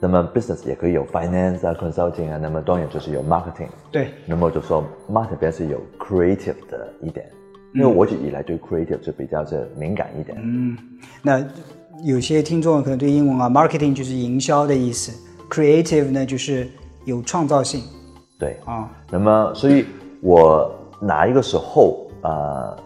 那麼 business 也可以有 finance 啊、consulting 啊，那麼當然就是有 marketing，對，那麼就說 marketing 是有 creative 的一點，嗯、因為我一直以來對 creative 就比較是敏感一點。嗯，那有些聽眾可能對英文啊，marketing 就是營銷的意思，creative 呢就是有創造性。對啊，那麼所以我哪一個時候啊？呃